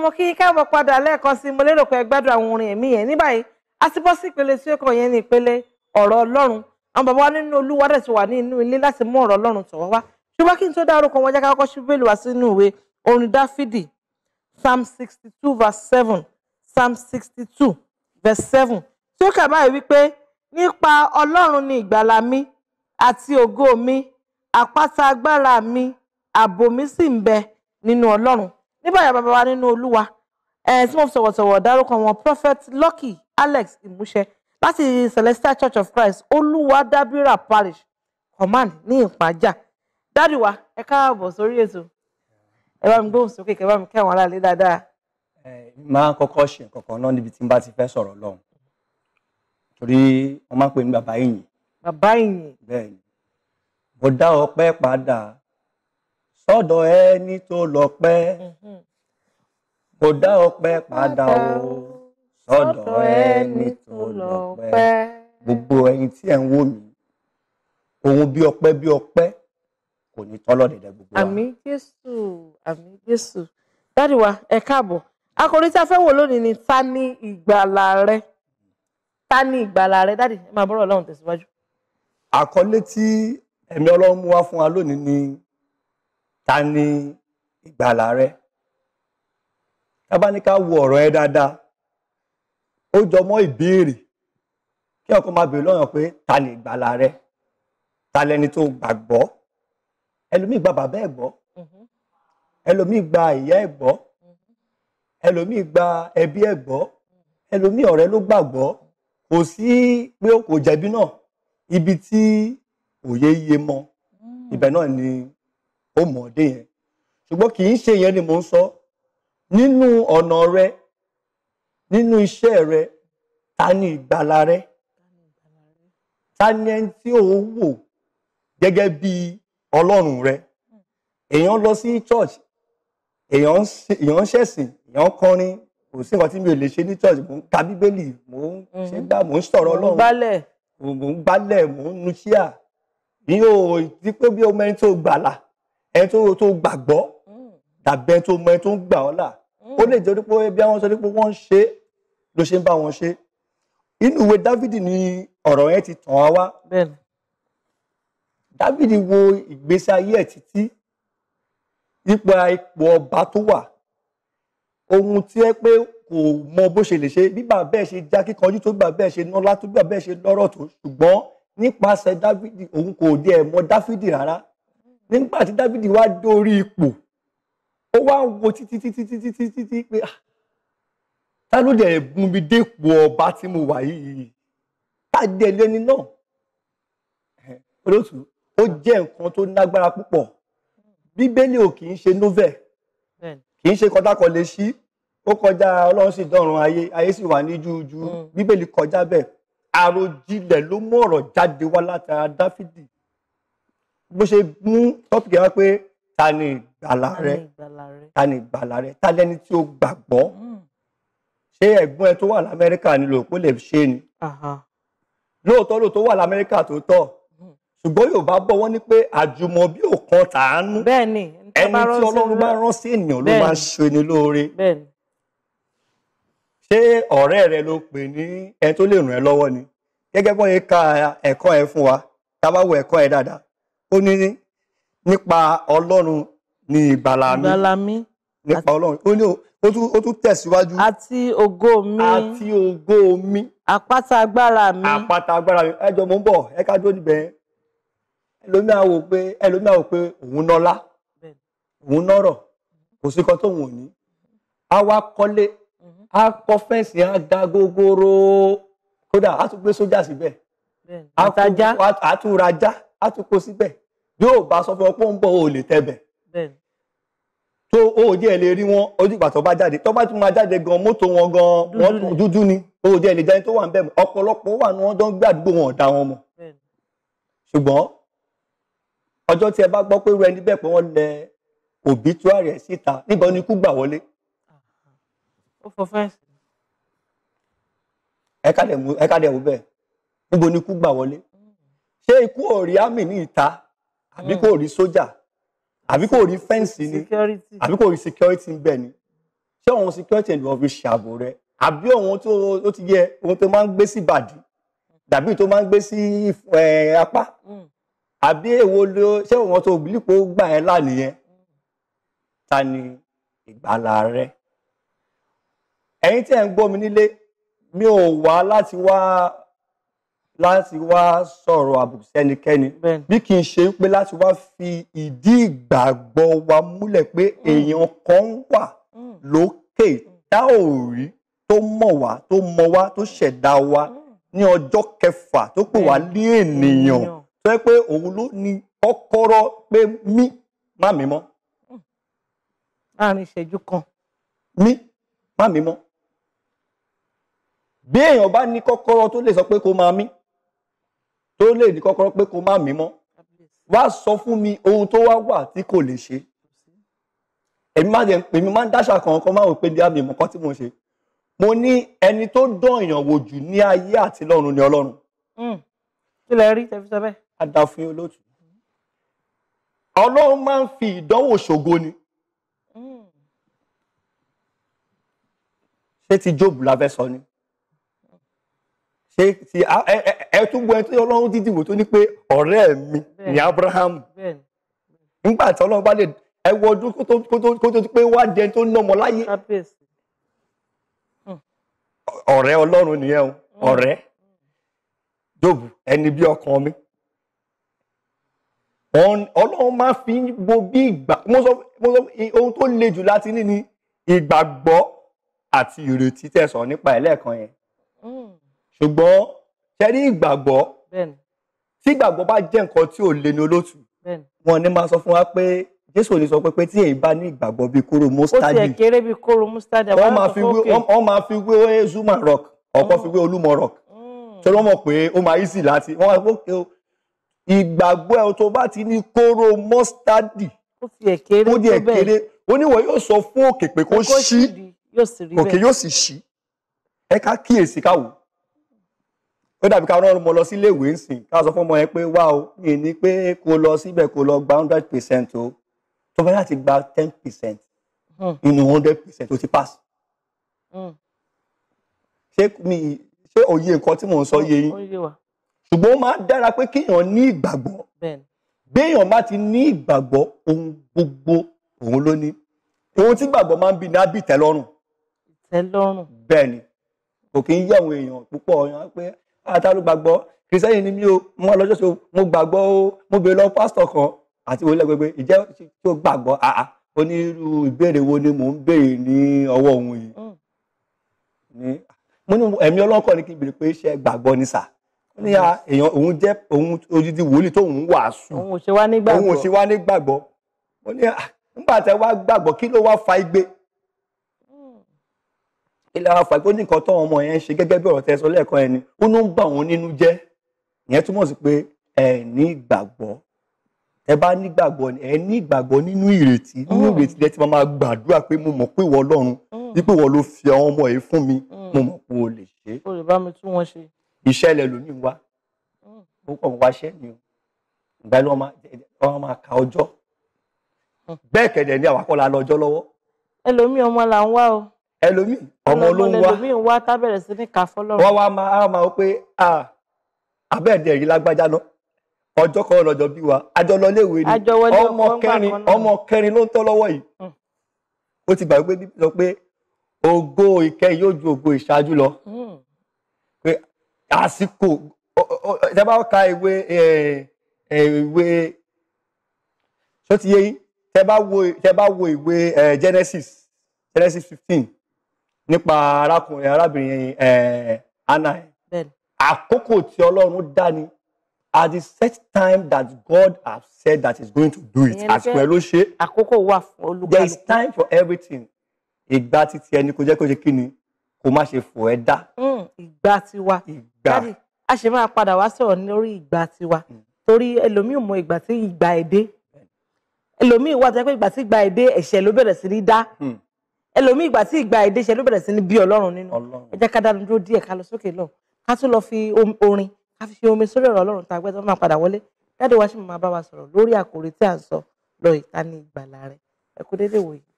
ọmọ kí káàbọ̀ padà lẹ́ẹ̀kan sí mo lérò pé ẹ gbádùn àwọn orin ẹ̀mí yẹn ní báyìí a ti bọ́ sí ìpele tí ó kàn yẹn ní ìpele ọ̀rọ̀ ọlọ́run àwọn bàbá wa nínú olúwa dẹ̀ ti wà ní inú ilé láti mú ọ̀rọ̀ ọlọ́run tọ̀ wá ṣùgbọ́n kí n tó dárúkọ wọn jẹ́ ká ṣubú èlùwà sínú ìwé orin dáfídì psalm sixty two verse seven psalm sixty two verse seven tí ó kà báyìí wípé nípa ọlọ́run ni ìgbàlà mi àti ògo mi àpáta agbára mi ààbò mi sì ń bẹ nínú ọlọ́run ní báyà bàbá wa nínú olúwa tí mo fi sọ̀wọ̀sọ̀wọ̀ dárúkọ wọn prophet lucky alex ìmúṣẹ láti celestial church of christ olúwa dábírà parish command ní ìpájà dádì wa ẹ káàbọ̀ sórí ètò ẹ bá mi gbóhùn sókè kẹ bá mi kẹwọn aráàlú dáadáa. máa kọ́kọ́ ṣe kankan náà níbi tí n bá ti fẹ́ sọ̀rọ̀ lọ́hùn torí wọ́n máa ń pè ní bàbá ìyìn. bàbá ìyìn. bẹ́ẹ̀ mo dá ọpẹ́ padà sọ́dọ̀ ẹni tó lọ́pẹ́ kò mm-hmm. dá ọpẹ́ padà o sọ́dọ̀ ẹni tó lọ́pẹ́ gbogbo ẹ̀yin tí ẹ ń wò mí ohun bí ọpẹ́ bí ọpẹ́ kò ní tọ́lọ̀ dẹ̀dẹ̀ gbogbo wa. àmín jésù àmín jésù dáàdì wa ẹ káàbọ̀ akọni tí a fẹ́ wò lónìí ni ta ni ìgbàlà rẹ ta ni ìgbàlà rẹ dáàdì ẹ máa bọ́rọ̀ ọlọ́run tẹ̀síwájú. àkọlé tí ẹ̀mí ọlọ́run mú wá fún wa lónìí ni ta ni ìgbàlà rẹ tá bá ní ká wo ọ̀rọ̀ ẹ dáadáa ó jọ mọ́ ìbéèrè kí ọkọ máa béèrè lọ́yàn pé ta ni ìgbàlà rẹ ta lẹni tó gbàgbọ́ ẹlòmíì gba bàbá ẹ̀ gbọ́ mm-hmm. ẹlòmíì gba ìyá ẹ̀ gbọ́ mm-hmm. ẹlòmíì gba ẹbí ẹ̀ gbọ́ mm-hmm. ẹlòmíì ọ̀rẹ́ ló gbàgbọ́ kò sí pé kò jẹ̀bi náà ibi tí òye yé mọ́ mm. ibẹ̀ náà ni ó mọ̀ dé yẹn ṣùgbọ́n kì í ṣe yẹn ni mò ń sọ nínú ọ̀nà rẹ nínú iṣẹ́ rẹ ta ni ìgbàlà rẹ ta ni ẹni tí ò ń wò gẹ́gẹ́ bí ọlọ́run rẹ èèyàn lọ sí church èèyàn ń ṣẹ̀sìn èèyàn ń kọrin kò sí nǹkan tí mi ò lè ṣe ní church mò ń ka bíbélì mò ń ṣe gbà mò ń sọ̀rọ̀ ọlọ́run mò ń gbálẹ̀ mò ń nu ṣíà yóò ti pé bí ọmọ ẹni tó gbàlà ẹni tó tó gbàgbọ́ mm. tàbí ẹni tó mọ ẹni tó ń gbà ọ́ là mm. ó lè jẹ́ pé bí wọ́n sọ pé wọ́n ń ṣe ló ṣe ń bá wọn ṣe inú ìwé Dáfídì ni ọ̀rọ̀ yẹn ti tàn á wá Dáfídì wo ìgbésí ayé ẹ̀ títí nípa ipò ọba tó wà ohun tí ẹ pé kò mọ bó ṣe lè ṣe bí bàbá ẹ̀ ṣe já kíkanjú tó bàbá ẹ̀ ṣe nọlá tó bàbá ẹ̀ ṣe lọ́rọ̀ tó ṣùgbọ́n nípasẹ̀ Dáfídì òun kò dé ẹ̀ mọ Dáfídì rárá nígbà tí Dáfídì wá dórí ipò ó wá ń wo títí títí títí títí títí pé ah ta ló dẹ̀ bùn mi dépò ọba tí mo wà yìí ta dẹ̀ lẹ́ni náà olóòtú ó jẹ́ nǹkan tó lágbára púpọ̀ bíbélì ò kì í ṣe novel kì í ṣe kọdákọ lè ṣí ó kọjá ọlọ́run sì dọ̀run ayé ayé sì wà ní jújú hmm. bíbélì kọjá bẹ́ẹ̀ àròjinlẹ̀ ló mú ọ̀rọ̀ jáde wá látara Dáfídì bó ṣe mú tọ́pìkì wá pé ta ni ìgbàlà rẹ ta ni ìgbàlà rẹ ta lẹni tí ó gbàgbọ́ hmm. ṣé ẹ̀gbọ́n ẹ tó wà lamẹ́ríkà ni lòpó lè ṣe ni lóòótọ́ lóòótọ́ wà lamẹ́ríkà tó tọ́ hmm. ṣùgbọ́n Yorùbá bọ̀ wọ́n ní pé àjùmọ̀ bí òkan tàánú ẹni tí Ọlọ́run bá rán sí ènìyàn ló máa ń ṣe ni lóore ṣé ọ̀rẹ́ rẹ ló pè ní ẹni tó lè ràn ẹ́ lọ́wọ́ ni gẹ́gẹ́ bọ́n yẹn ka ẹ̀kọ́ ẹ fún wa tá bá wo ẹ̀kọ́ ẹ dáadáa ó ní nípa ọlọ́run ni ìgbàlà mi ìgbàlà mi nípa ọlọ́run ó ní ó tún tẹ̀síwájú. àti ògo mi àti ògo mi. àpáta agbára mi àpáta agbára mi ẹjọ mo ń bọ̀ ẹ ká dúró níbẹ̀ ẹlòmíà wò pé ẹlòmíà wò pé òun nọlá òun nọrọ̀ kò sí kan tóun ò ní á wá kọ́lé á mhm. kọ́ fẹ́ǹsì á ga gógóró kódà á tún gbé sójà síbẹ̀ á tún á tún kó síbẹ̀ yóò bá sọ fún ọ pé ó ń bọ̀ ó lè tẹ̀bẹ̀ tó òòjì ẹ̀ lè rí wọn ojú ìgbà tó bá jáde tó bá tún máa jáde gan mọ́tò wọn gan wọn dúdú ni òòjì ẹ̀ lè jáde tó wà ń bẹ̀ mọ́ ọ̀pọ̀lọpọ̀ wà ní wọn jọ ń gbé àdúgbò wọn ọ̀dà wọn mọ̀ ṣùgbọ́n ọjọ́ tí ẹ bá gbọ́ pé irú ẹni bẹ́ẹ̀ pé wọ́n lẹ òbítúárì ẹ̀ síta níbo ni ikú gbà wọlé. ó fọ fẹ́ǹsì. ẹ ká dẹ̀ wú bẹ́ẹ̀ níbo ni ikú gbà wọlé ṣé ikú ò rí àmì ní ìta àbí kò rí sójà àbí kò rí fẹ́ǹsì ni àbí kò rí security ń bẹ̀ ni ṣé òun security ẹ̀dùn ọ̀fi ṣàbò rẹ àbí òun tó ti yẹ òun tó máa ń gbé sí ìbàdí dàbí tó máa ń gbé sí apá hmm. àbí èwo ló ṣé òun tó bìlípò gbà ẹ́ lánìyẹn ta ni ìgbàlà rẹ ẹ̀yin tí ẹ ń gbọ́ mi nílé mi ò wá láti wá láti wá sọ̀rọ̀ àbùkù sẹ́nikẹ́ni bí kì í ṣe pé láti wá fi ìdí ìgbàgbọ́ wa múlẹ̀ pé mm. èèyàn kan wà mm. lókè mm. tá ò rí tó mọ̀ wá tó mọ̀ wá tó ṣẹ̀dá wa ní ọjọ́ kẹfà tó pè wá ní ènìyàn tó yẹ pé òun ló ní kọ́kọ́rọ́ pé mí má mi mọ́. láàrin ìṣẹ́jú kan. mí má mi mọ́. bí èèyàn bá ní kọ́kọ́rọ́ tó lè sọ pé kó máa mí tó lè ní kọ́kọ́rọ́ pé kó má mí mọ́ wá sọ fún mi ohun tó wá wà tí kò lè ṣe èmi máa ń pè mí máa ń dáṣà kan kan máa ń pè bí àmì ìmọ̀kan tí mo ṣe mo ní ẹni tó dán èèyàn wò jù ní ayé àti lọ́run ni ọlọ́run. Hmm. kí lẹ rí tẹfí sọ a dá fún yín olóòtú. ọlọ́run máa ń fi ìdánwò ṣògo ni. Hmm. ṣé ti Jóòbù la fẹ́ sọ ni. ṣé ti ẹ tún gbọ́ ẹni tó yọ ọlọ́run dídì wò tó ní pé ọ̀rẹ́ mi ni abraham nígbà tí ọlọ́run bá lè ẹ ọdún kó tó pé wá dẹni tó nọmọ láyé hmm. ọ̀rẹ́ ọlọ́run nìyẹn o hmm. ọ̀rẹ́ jòbù ẹni bí ọkàn mi ọlọ́run máa fi ń wo bí ìgbà mo sọ ohun tó le jù láti ní ni ìgbàgbọ́ àti ìrètí tẹ̀sán nípa ẹ̀ lẹ́ẹ̀kan yẹn hmm. ṣùgbọ́n tẹ́rí ìgbàgbọ́ tí ìgbàgbọ́ bá jẹ́ nǹkan tí ò lè ní olótù wọn ni máa sọ fún wa pé jésù ní sọ pé pé tí èyí bá ní ìgbàgbọ́ bíi kóró mustadi ó ti kéré bíi kóró mustadi àwọn àtọkọ òkè wọ́n máa fi wé zuma rock ọkọ fi mm. wé olúmọ rock tí mm. wọ́n mọ̀ pé ó máa easy láti wọ́n máa fọ́kẹ́ o ìgbàgbọ́ ẹ̀ tó bá ti ní kóró mustadi ó ti ẹ̀ ó ní wọ́n yóò sọ fún òkè pé kó ṣí òkè yóò sì ṣí ẹ ká kíyèsí káwọ́ ó dàbí ká rán ọmọ lọ sí iléèwé nsìn ká sọ fún ọmọ yẹn pé wá o mi ní pé kó lọ síbẹ̀ kó lọ gba hundred percent o tó bá láti gba ten percent nínú hmm. hundred percent o ti pass. Hmm. ṣé mi ṣé òye nǹkan tí mò ń sọ yé yín ṣùgbọ́n ó máa dára pé kéèyàn ní ìgbàgbọ́ béèyàn bá ti ní ìgbàgbọ́ ohun gbogbo òun ló ní ohun tí gbàgbọ́ máa ń bí ní ábìtẹ́lọ́rùn. bẹ́ẹ̀ ni kò kí ń yẹ àwọn èèyàn púpọ̀ ọ̀yàn pé àtàlù gbàgbọ́ kìrìsẹ́yìn ni mí o mo wà lọ́jọ́sọ mo gbàgbọ́ o mo bèrè lọ pásítọ̀ kan àti wọlé gbẹgbẹ ìjẹ́ tí ó gbàgbọ́ àá onírú ìbéèrè wo ni mò ń béèrè ní ọwọ́ òun yìí mm. mo ní ẹ̀mí ọlọ́kọ̀ ni kí n béèrè pé ṣé gbàgbọ́ ni sà ní èèyàn òun jẹ́ òun odidi wòlíì tó òun wàásù òun ò ṣe wá ní gbàgbọ́ mo ní nígbà tẹ wá gbàgbọ́ kí ló wá fa igbe ìlànà fàgbó ní nǹkan tó ọmọ yẹn ṣe gẹ́gẹ́ bí ọ̀rọ̀ tẹ́ sọ lẹ́ẹ̀kan ẹni ó ló ń bà wọ́n nínú jẹ́ ìyẹn túmọ̀ sí pé ẹ ní ìgbàgbọ́ ẹ bá nígbàgbọ́ ẹ ní ìgbàgbọ́ nínú ìrètí nínú oh. ìrètí lẹ́tí máa máa gbàdúrà pé mo mọ̀ pé ìwọ Ọlọ́run oh. wípé ìwọ ló fi àwọn ọmọ yìí fún mi mm. mo mọ̀ pé o lè ṣe. o mi tún wọn ṣe. iṣẹ́ ilẹ̀ lómi wá mm. ó pọ̀ wá ṣẹ́ ni o ìgbà ló máa ka ọjọ́ mm. bẹ́ẹ̀ kẹ̀dẹ̀ ní àwàkọ́lá lọ́jọ́ lọ́wọ́. ẹlòmíì ọmọ là ń wá o. ẹlòmíì ọmọ olóhùn wa tábẹ̀rẹ̀ sí ní ká fọlọ́run. wọ́n wá máa máa wọ pé abẹ́ẹ̀dẹ̀ yìí lágbájá náà ọjọ́ kan lọ́jọ́ bí wa àjọ lọ léèwé ni ọmọ kẹrin ọmọ kẹrin ló ń tọ́ lọ́wọ́ yìí mm. ó ti gbàgbé bí sọ pé ògo ìkẹyìn yóò ju ògo ìṣáájú lọ mm. pé àsìkò ẹ bá ka ìwé ìwé tó ti yé yín tẹ bá wo ìwé Genesis Genesis fifteen nípa arákùnrin arábìnrin eh, anna àkókò tí ọlọ́run dání at the set time that God has said that he's going to do it àsìkò ẹ ṣe àkókò wà fún olùkọ́ there is time for everything ìgbà títí ẹni kò jẹ́ kó ṣe kí ni kó má ṣe fò ẹ́ dá. Hmm, ìgbà tiwa ìgbà a ṣe máa padà wá sọ̀rọ̀ lórí ìgbà tiwa hmm. torí ẹlòmíì mọ ìgbà tí ìgbà ẹ̀ dé ẹlòmíì wà tó pé ìgbà tí ìgbà ẹ̀ dé ẹ̀ṣẹ̀ ló bẹ̀rẹ̀ sí ní dá hmm ẹlòmíì ìgbà tí ìgbà èdè ṣe ló bẹ̀rẹ̀ sí ní bí ọlọ́run nínú ẹ jẹ́ ká dánu dúró díẹ̀ ká lọ sókè lọ ká tún lọ fi orin ká fi omi sórí ọ̀rọ̀ ọlọ́run tá a gbẹ́ tó máa padà wọlé jáde wá sí mi máa bá wa sọ̀rọ̀ lórí àkòrí tí à ń sọ lọ ìta ní ìgbàlà rẹ ẹ kú wòye.